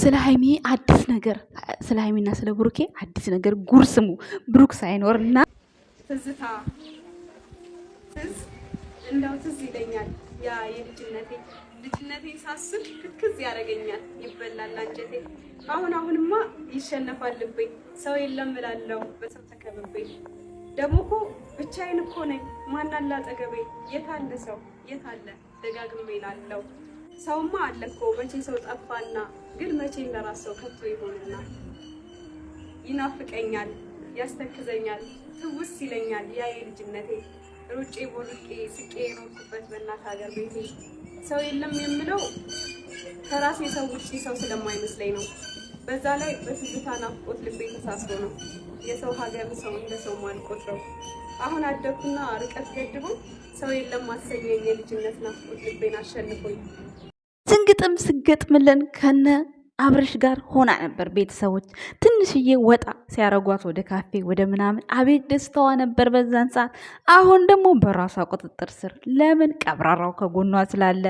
ስለ ሀይሚ አዲስ ነገር ስለ ሀይሚና ስለ ብሩኬ አዲስ ነገር ጉር ስሙ። ብሩክ ሳይኖር እና ትዝታ ትዝ እንዳው ትዝ ይለኛል ያ የልጅነቴ ልጅነቴ ሳስብ ክክዝ ያደርገኛል፣ ይበላል አንጀቴ። አሁን አሁንማ ይሸነፋል ልቤ፣ ሰው የለም እላለሁ በሰው ተከብቤ። ደግሞ እኮ ብቻዬን እኮ ነኝ፣ ማናላ አጠገቤ፣ የታለ ሰው የታለ ደጋግሜ እላለሁ። ሰውማ አለ እኮ መቼ ሰው ጠፋና ግን መቼ ሰው ከቶ ይሆንናል። ይናፍቀኛል፣ ያስተክዘኛል፣ ትውስ ይለኛል ያ ልጅነቴ ሩጬ ቦርቄ ስቄ የኖርኩበት በእናት ሀገር ቤቴ። ሰው የለም የምለው ከራሴ ሰው ውጪ ሰው ስለማይመስለኝ ነው። በዛ ላይ በትዝታ ናፍቆት ልቤ ተሳስሮ ነው የሰው ሀገር ሰው እንደ ሰው ማልቆጥረው። አሁን አደግኩና ርቀት ገድቦ ሰው የለም ማሰኘኝ የልጅነት ናፍቆት ልቤን አሸንፎኝ ግጥም ስገጥምለን ከነ አብረሽ ጋር ሆና ነበር። ቤተሰቦች ትንሽዬ ወጣ ሲያረጓት ወደ ካፌ ወደ ምናምን አቤት ደስታዋ ነበር በዛን ሰዓት። አሁን ደግሞ በራሷ ቁጥጥር ስር ለምን ቀብራራው ከጎኗ ስላለ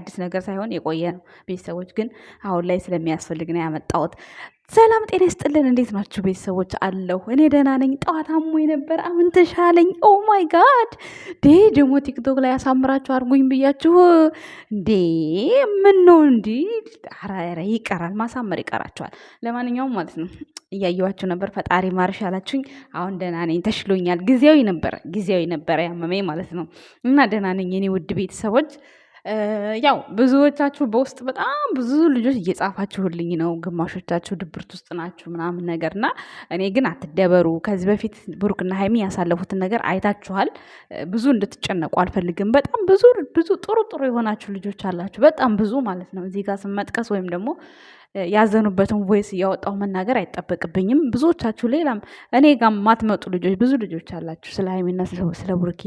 አዲስ ነገር ሳይሆን የቆየ ነው። ቤተሰቦች ግን አሁን ላይ ስለሚያስፈልግ ነው ያመጣሁት። ሰላም ጤና ይስጥልን። እንዴት ናችሁ ቤተሰቦች? አለሁ እኔ ደህና ነኝ። ጠዋት አሞኝ ነበር፣ አሁን ተሻለኝ። ኦ ማይ ጋድ ዴ ደግሞ ቲክቶክ ላይ ያሳምራችሁ አድርጉኝ ብያችሁ እንዴ ምን ነው እንዲ ይቀራል፣ ማሳመር ይቀራችኋል። ለማንኛውም ማለት ነው እያየዋችሁ ነበር። ፈጣሪ ማርሽ አላችሁኝ። አሁን ደህና ነኝ፣ ተሽሎኛል። ጊዜያዊ ነበረ ጊዜያዊ ነበረ ያመመኝ ማለት ነው እና ደህና ነኝ የኔ ውድ ቤተሰቦች ያው ብዙዎቻችሁ በውስጥ በጣም ብዙ ልጆች እየጻፋችሁልኝ ነው። ግማሾቻችሁ ድብርት ውስጥ ናችሁ ምናምን ነገር እና እኔ ግን አትደበሩ። ከዚህ በፊት ብሩክና ሀይሚ ያሳለፉትን ነገር አይታችኋል። ብዙ እንድትጨነቁ አልፈልግም። በጣም ብዙ ብዙ ጥሩ ጥሩ የሆናችሁ ልጆች አላችሁ፣ በጣም ብዙ ማለት ነው። እዚህ ጋር ስመጥቀስ ወይም ደግሞ ያዘኑበትን ቮይስ እያወጣው መናገር አይጠበቅብኝም። ብዙዎቻችሁ ሌላም እኔ ጋ ማትመጡ ልጆች ብዙ ልጆች አላችሁ ስለ ሀይሚና ስለ ቡርኬ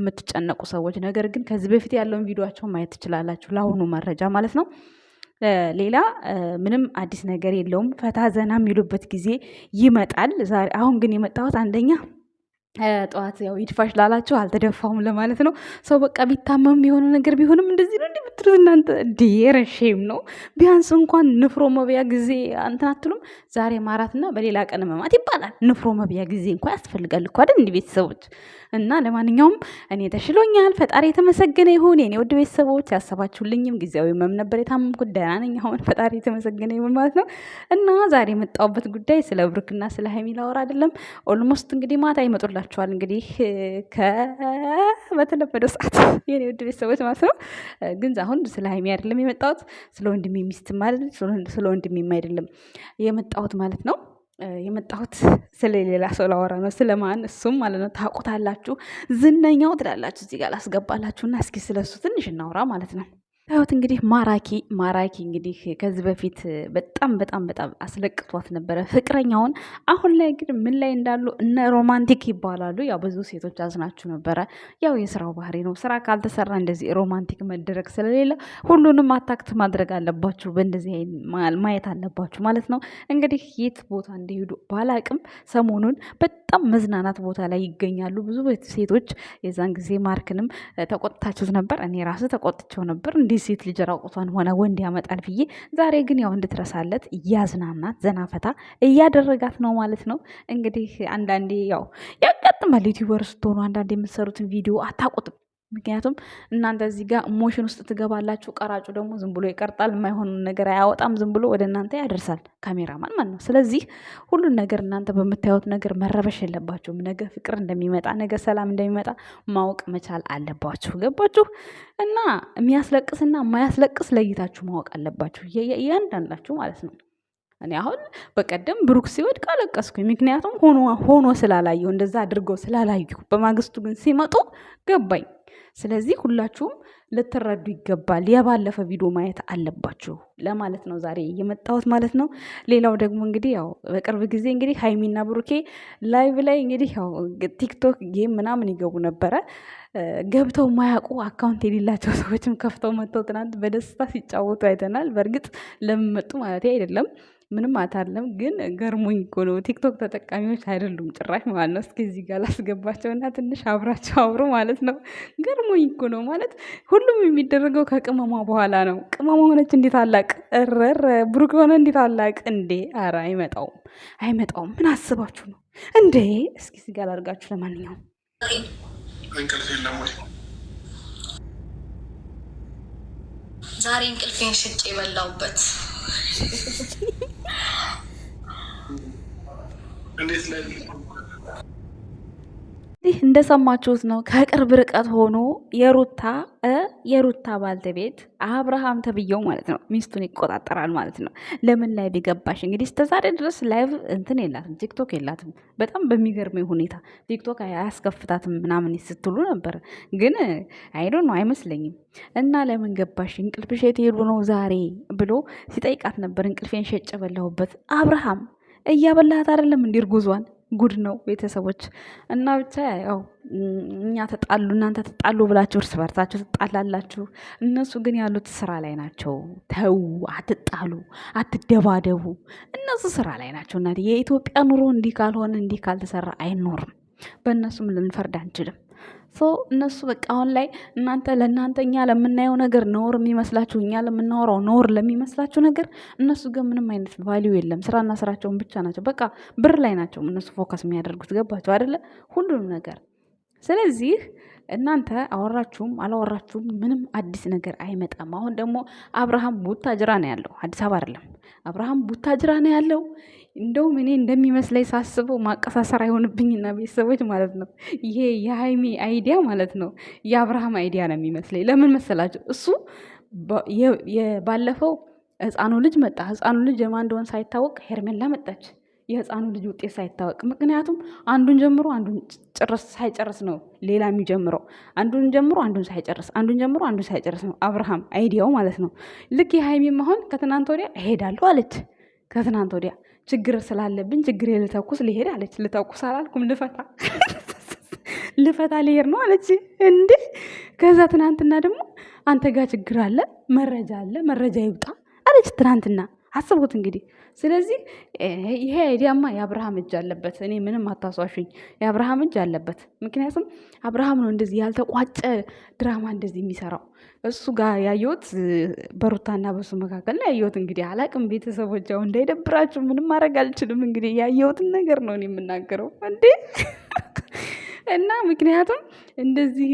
የምትጨነቁ ሰዎች። ነገር ግን ከዚህ በፊት ያለውን ቪዲዮቸውን ማየት ትችላላችሁ፣ ለአሁኑ መረጃ ማለት ነው። ሌላ ምንም አዲስ ነገር የለውም። ፈታ ዘና የሚሉበት ጊዜ ይመጣል። ዛሬ አሁን ግን የመጣሁት አንደኛ ጠዋት ያው ይድፋሽ ላላችሁ አልተደፋሁም ለማለት ነው። ሰው በቃ ቢታመም የሆነ ነገር ቢሆንም እንደዚህ ነው እንዲህ ብትሉት እናንተ ዲየረሼም ነው። ቢያንስ እንኳን ንፍሮ መብያ ጊዜ እንትን አትሉም? ዛሬ ማራትና በሌላ ቀን መማት ይባላል። ንፍሮ መብያ ጊዜ እንኳ ያስፈልጋል እኮ አይደል? እንዲህ ቤተሰቦች እና ለማንኛውም እኔ ተሽሎኛል፣ ፈጣሪ የተመሰገነ ይሁን። የኔ ውድ ቤተሰቦች ያሰባችሁልኝም ጊዜያዊ መም ነበር የታመምኩት፣ ደህና ነኝ አሁን፣ ፈጣሪ የተመሰገነ ይሁን ማለት ነው። እና ዛሬ የመጣሁበት ጉዳይ ስለ ብሩክና ስለ ሀይሚ ላወራ አይደለም። ኦልሞስት እንግዲህ ማታ ይመጡላል ይዘንላችኋል። እንግዲህ ከበተለመደው ሰዓት የኔ ውድ ቤተሰቦች ማለት ነው። ግን አሁን ስለ ሀይሚ አይደለም የመጣሁት፣ ስለ ወንድሜ ሚስትም አይደለም፣ ስለ ወንድሜም አይደለም የመጣሁት ማለት ነው። የመጣሁት ስለሌላ ሰው ላወራ ነው። ስለማን? እሱም ማለት ነው ታውቁታላችሁ፣ ዝነኛው ትላላችሁ። እዚህ ጋር ላስገባላችሁና እስኪ ስለሱ ትንሽ እናውራ ማለት ነው። ታዩት እንግዲህ ማራኪ ማራኪ እንግዲህ ከዚህ በፊት በጣም በጣም በጣም አስለቅቷት ነበረ ፍቅረኛውን። አሁን ላይ ግን ምን ላይ እንዳሉ እነ ሮማንቲክ ይባላሉ። ያው ብዙ ሴቶች አዝናችሁ ነበረ። ያው የስራው ባህሪ ነው። ስራ ካልተሰራ እንደዚህ ሮማንቲክ መደረግ ስለሌለ ሁሉንም አታክት ማድረግ አለባችሁ፣ በእንደዚህ ማየት አለባችሁ ማለት ነው። እንግዲህ የት ቦታ እንደሄዱ ባላቅም ሰሞኑን በጣም መዝናናት ቦታ ላይ ይገኛሉ ብዙ ሴቶች። የዛን ጊዜ ማርክንም ተቆጥታችሁት ነበር። እኔ ራሱ ተቆጥቸው ነበር እንዲ እንግዲህ ሴት ልጅ ራቁቷን ሆነ ወንድ ያመጣል ብዬ ዛሬ ግን ያው እንድትረሳለት እያዝናናት ዘናፈታ እያደረጋት ነው ማለት ነው። እንግዲህ አንዳንዴ ያው ያጋጥማል። ዩቲዩበር ስትሆኑ አንዳንዴ የምትሰሩትን ቪዲዮ አታቁጥም። ምክንያቱም እናንተ እዚህ ጋር ሞሽን ውስጥ ትገባላችሁ። ቀራጩ ደግሞ ዝም ብሎ ይቀርጣል፣ የማይሆኑ ነገር አያወጣም፣ ዝም ብሎ ወደ እናንተ ያደርሳል። ካሜራማን ማለት ነው። ስለዚህ ሁሉን ነገር እናንተ በምታዩት ነገር መረበሽ የለባችሁም። ነገ ፍቅር እንደሚመጣ፣ ነገ ሰላም እንደሚመጣ ማወቅ መቻል አለባችሁ። ገባችሁ? እና የሚያስለቅስና የማያስለቅስ ለይታችሁ ማወቅ አለባችሁ፣ እያንዳንዳችሁ ማለት ነው። እኔ አሁን በቀደም ብሩክ ሲወድቅ አለቀስኩኝ። ምክንያቱም ሆኖ ሆኖ ስላላየው እንደዛ አድርገው ስላላዩ፣ በማግስቱ ግን ሲመጡ ገባኝ። ስለዚህ ሁላችሁም ልትረዱ ይገባል። የባለፈ ቪዲዮ ማየት አለባችሁ ለማለት ነው ዛሬ የመጣሁት ማለት ነው። ሌላው ደግሞ እንግዲህ ያው በቅርብ ጊዜ እንግዲህ ሀይሚና ብሩኬ ላይቭ ላይ እንግዲህ ያው ቲክቶክ ጌም ምናምን ይገቡ ነበረ። ገብተው ማያውቁ አካውንት የሌላቸው ሰዎችም ከፍተው መጥተው ትናንት በደስታ ሲጫወቱ አይተናል። በእርግጥ ለምመጡ ማለት አይደለም ምንም አታለም፣ ግን ገርሞኝ እኮ ነው። ቲክቶክ ተጠቃሚዎች አይደሉም ጭራሽ ማለት ነው። እስኪ እዚህ ጋር እና ትንሽ አብራቸው አብሮ ማለት ነው። ገርሞኝ እኮ ነው ማለት ሁሉም የሚደረገው ከቅመሟ በኋላ ነው። ቅመሟ ሆነች እንዴት አላቅ እረረ ብሩክ የሆነ እንዴት አላቅ እንዴ! አረ አይመጣውም፣ አይመጣውም። ምን አስባችሁ ነው እንዴ? እስኪ እዚህ ጋር ላርጋችሁ። ለማንኛውም እንቅልፍ የለም ወይ ዛሬ እንቅልፌን ሽጭ የበላውበት እንዴት ላይ ይህ እንደሰማችሁት ነው። ከቅርብ ርቀት ሆኖ የሩታ የሩታ ባልተቤት አብርሃም ተብየው ማለት ነው ሚስቱን ይቆጣጠራል ማለት ነው። ለምን ላይ ቢገባሽ እንግዲህ እስከዛሬ ድረስ ላይቭ እንትን የላትም ቲክቶክ የላትም። በጣም በሚገርመ ሁኔታ ቲክቶክ አያስከፍታትም ምናምን ስትሉ ነበር፣ ግን አይዶ ነው አይመስለኝም። እና ለምን ገባሽ እንቅልፍሽ የት ሄዱ ነው ዛሬ ብሎ ሲጠይቃት ነበር። እንቅልፌን ሸጭ በላሁበት አብርሃም እያበላት አይደለም እንዲህ ጉድ ነው ቤተሰቦች እና ብቻ ያው እኛ ተጣሉ እናንተ ተጣሉ ብላችሁ እርስ በርሳችሁ ትጣላላችሁ። እነሱ ግን ያሉት ስራ ላይ ናቸው። ተዉ፣ አትጣሉ፣ አትደባደቡ። እነሱ ስራ ላይ ናቸው እና የኢትዮጵያ ኑሮ እንዲህ ካልሆነ እንዲህ ካልተሰራ አይኖርም። በእነሱም ልንፈርድ አንችልም። ሶ እነሱ በቃ አሁን ላይ እናንተ ለእናንተ እኛ ለምናየው ነገር ነውር የሚመስላችሁ እኛ ለምናወራው ነውር ለሚመስላችሁ ነገር እነሱ ግን ምንም አይነት ቫሊዩ የለም። ስራና ስራቸውን ብቻ ናቸው። በቃ ብር ላይ ናቸው እነሱ ፎከስ የሚያደርጉት ገባቸው አይደለ? ሁሉንም ነገር ስለዚህ እናንተ አወራችሁም አላወራችሁም ምንም አዲስ ነገር አይመጣም። አሁን ደግሞ አብርሃም ቡታጅራ ነው ያለው፣ አዲስ አበባ አይደለም። አብርሃም ቡታጅራ ነው ያለው። እንደውም እኔ እንደሚመስለኝ ሳስበው ማቀሳሰር አይሆንብኝና ቤተሰቦች ማለት ነው ይሄ የሀይሜ አይዲያ ማለት ነው የአብርሃም አይዲያ ነው የሚመስለኝ። ለምን መሰላቸው? እሱ ባለፈው ህፃኑ ልጅ መጣ። ህፃኑ ልጅ የማን ሳይታወቅ ሄርሜላ መጣች። የህፃኑ ልጅ ውጤት ሳይታወቅ ምክንያቱም አንዱን ጀምሮ አንዱን ጨረስ ሳይጨርስ ነው ሌላ የሚጀምረው። አንዱን ጀምሮ አንዱን ሳይጨርስ አንዱን ጀምሮ አንዱን ሳይጨርስ ነው አብርሃም አይዲያው ማለት ነው። ልክ የሀይሚ መሆን ከትናንት ወዲያ እሄዳለሁ አለች። ከትናንት ወዲያ ችግር ስላለብኝ ችግር ልተኩስ ሊሄድ አለች። ልተኩስ አላልኩም ልፈታ ልፈታ ሊሄድ ነው አለች እንዴ። ከዛ ትናንትና ደግሞ አንተ ጋር ችግር አለ መረጃ አለ መረጃ ይውጣ አለች ትናንትና አስቡት እንግዲህ። ስለዚህ ይሄ አይዲያማ የአብርሃም እጅ አለበት። እኔ ምንም አታሷሽኝ፣ የአብርሃም እጅ አለበት። ምክንያቱም አብርሃም ነው እንደዚህ ያልተቋጨ ድራማ እንደዚህ የሚሰራው። እሱ ጋር ያየሁት በሩታና በሱ መካከል ነው ያየሁት። እንግዲህ አላቅም፣ ቤተሰቦች ያው እንዳይደብራችሁ ምንም ማድረግ አልችልም። እንግዲህ ያየሁትን ነገር ነው እኔ የምናገረው እንዴ እና ምክንያቱም እንደዚህ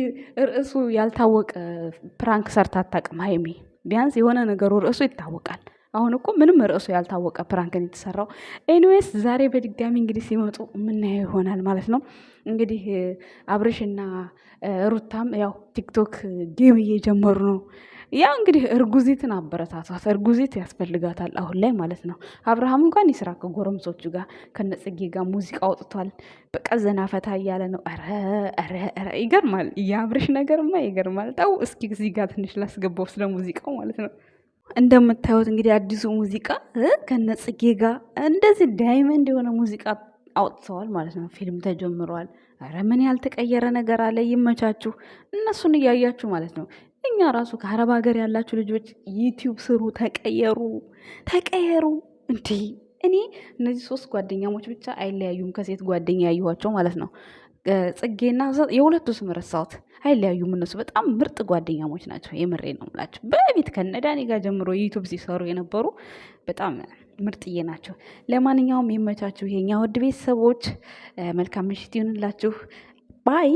ርዕሱ ያልታወቀ ፕራንክ ሰርታ አታውቅም ሀይሚ። ቢያንስ የሆነ ነገሩ ርዕሱ ይታወቃል። አሁን እኮ ምንም ርዕሱ ያልታወቀ ፕራንክን የተሰራው። ኤኒዌይስ ዛሬ በድጋሚ እንግዲህ ሲመጡ የምናየው ይሆናል ማለት ነው። እንግዲህ አብርሽና ሩታም ያው ቲክቶክ ጌም እየጀመሩ ነው። ያው እንግዲህ እርጉዚትን አበረታቷት። እርጉዚት ያስፈልጋታል አሁን ላይ ማለት ነው። አብርሃም እንኳን ይስራ ከጎረምሶቹ ጋር ከነጽጌ ጋር ሙዚቃ አውጥቷል። በቃ ዘና ፈታ እያለ ነው። ኧረ ይገርማል። የአብርሽ ነገርማ ይገርማል። ተው እስኪ እዚህ ጋር ትንሽ ላስገባው ስለ ሙዚቃው ማለት ነው። እንደምታዩት እንግዲህ አዲሱ ሙዚቃ ከነጽጌ ጋር እንደዚህ ዳይመንድ የሆነ ሙዚቃ አውጥተዋል ማለት ነው። ፊልም ተጀምሯል። ኧረ ምን ያልተቀየረ ነገር አለ? ይመቻችሁ፣ እነሱን እያያችሁ ማለት ነው። እኛ ራሱ ከአረብ ሀገር ያላችሁ ልጆች ዩቲዩብ ስሩ፣ ተቀየሩ፣ ተቀየሩ። እንዲህ እኔ እነዚህ ሶስት ጓደኛሞች ብቻ አይለያዩም ከሴት ጓደኛ ያየኋቸው ማለት ነው ጽጌና የሁለቱ ስም ረሳሁት አይለያዩም። እነሱ በጣም ምርጥ ጓደኛሞች ናቸው። የምሬ ነው የምላቸው። በቤት ከነዳኒ ጋር ጀምሮ ዩቱብ ሲሰሩ የነበሩ በጣም ምርጥዬ ናቸው። ለማንኛውም የመቻችሁ የኛ ውድ ቤተሰቦች መልካም ምሽት ይሁንላችሁ ባይ